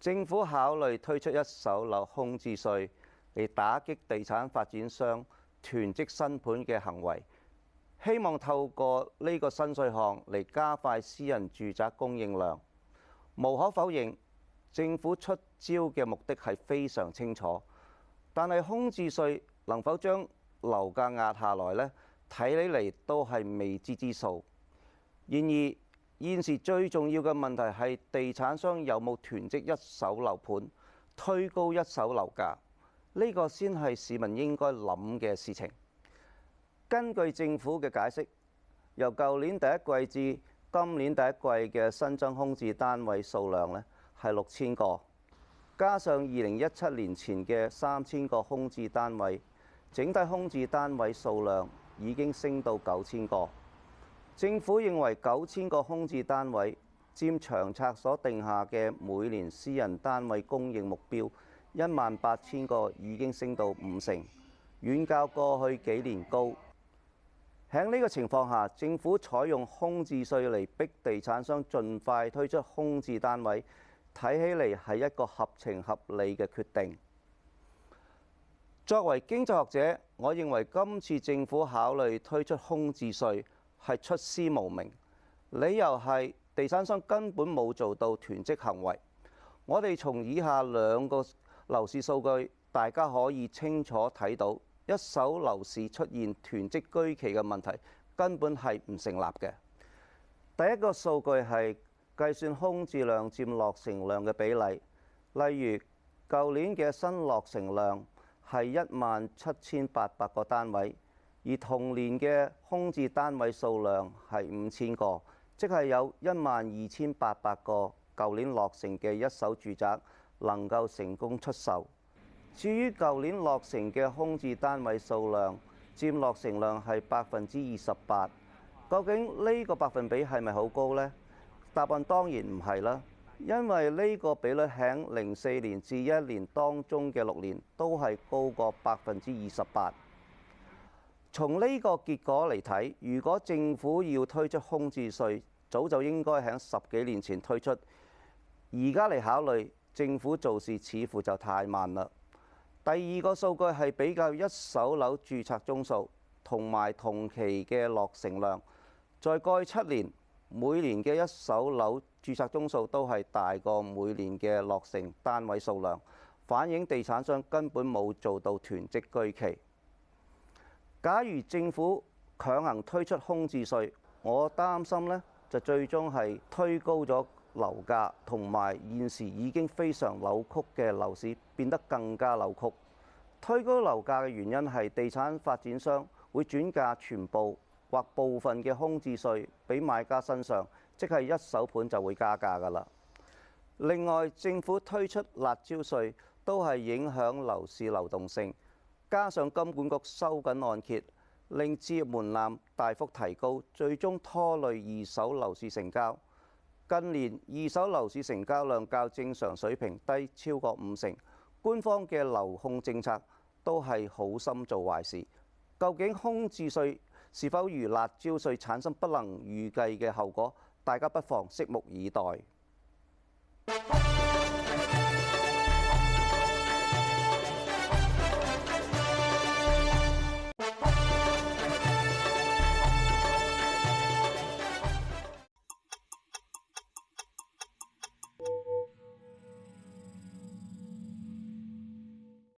政府考慮推出一手樓空置稅，嚟打擊地產發展商囤積新盤嘅行為，希望透過呢個新稅項嚟加快私人住宅供應量。無可否認，政府出招嘅目的係非常清楚，但係空置稅能否將樓價壓下來呢？睇起嚟都係未知之數。然而，現時最重要嘅問題係地產商有冇囤積一手樓盤，推高一手樓價？呢個先係市民應該諗嘅事情。根據政府嘅解釋，由舊年第一季至今年第一季嘅新增空置單位數量呢，係六千個，加上二零一七年前嘅三千個空置單位，整體空置單位數量已經升到九千個。政府認為九千個空置單位佔長策所定下嘅每年私人單位供應目標一萬八千個已經升到五成，遠較過去幾年高。喺呢個情況下，政府採用空置稅嚟逼地產商盡快推出空置單位，睇起嚟係一個合情合理嘅決定。作為經濟學者，我認為今次政府考慮推出空置稅係出師無名，理由係地產商根本冇做到囤積行為。我哋從以下兩個樓市數據，大家可以清楚睇到一手樓市出現囤積居奇嘅問題，根本係唔成立嘅。第一個數據係計算空置量佔落成量嘅比例，例如舊年嘅新落成量係一萬七千八百個單位。而同年嘅空置單位數量係五千個，即係有一萬二千八百個舊年落成嘅一手住宅能夠成功出售。至於舊年落成嘅空置單位數量佔落成量係百分之二十八，究竟呢個百分比係咪好高呢？答案當然唔係啦，因為呢個比率喺零四年至一年當中嘅六年都係高過百分之二十八。從呢個結果嚟睇，如果政府要推出空置稅，早就應該喺十幾年前推出。而家嚟考慮，政府做事似乎就太慢啦。第二個數據係比較一手樓註冊宗數同埋同期嘅落成量，在過去七年，每年嘅一手樓註冊宗數都係大過每年嘅落成單位數量，反映地產商根本冇做到囤積居奇。假如政府強行推出空置稅，我擔心呢，就最終係推高咗樓價，同埋現時已經非常扭曲嘅樓市變得更加扭曲。推高樓價嘅原因係地產發展商會轉嫁全部或部分嘅空置稅俾買家身上，即係一手盤就會加價㗎喇。另外，政府推出辣招稅都係影響樓市流動性。加上金管局收緊按揭，令置業門檻大幅提高，最終拖累二手樓市成交。近年二手樓市成交量較正常水平低超過五成，官方嘅樓控政策都係好心做壞事。究竟空置稅是否如辣椒稅產生不能預計嘅後果？大家不妨拭目以待。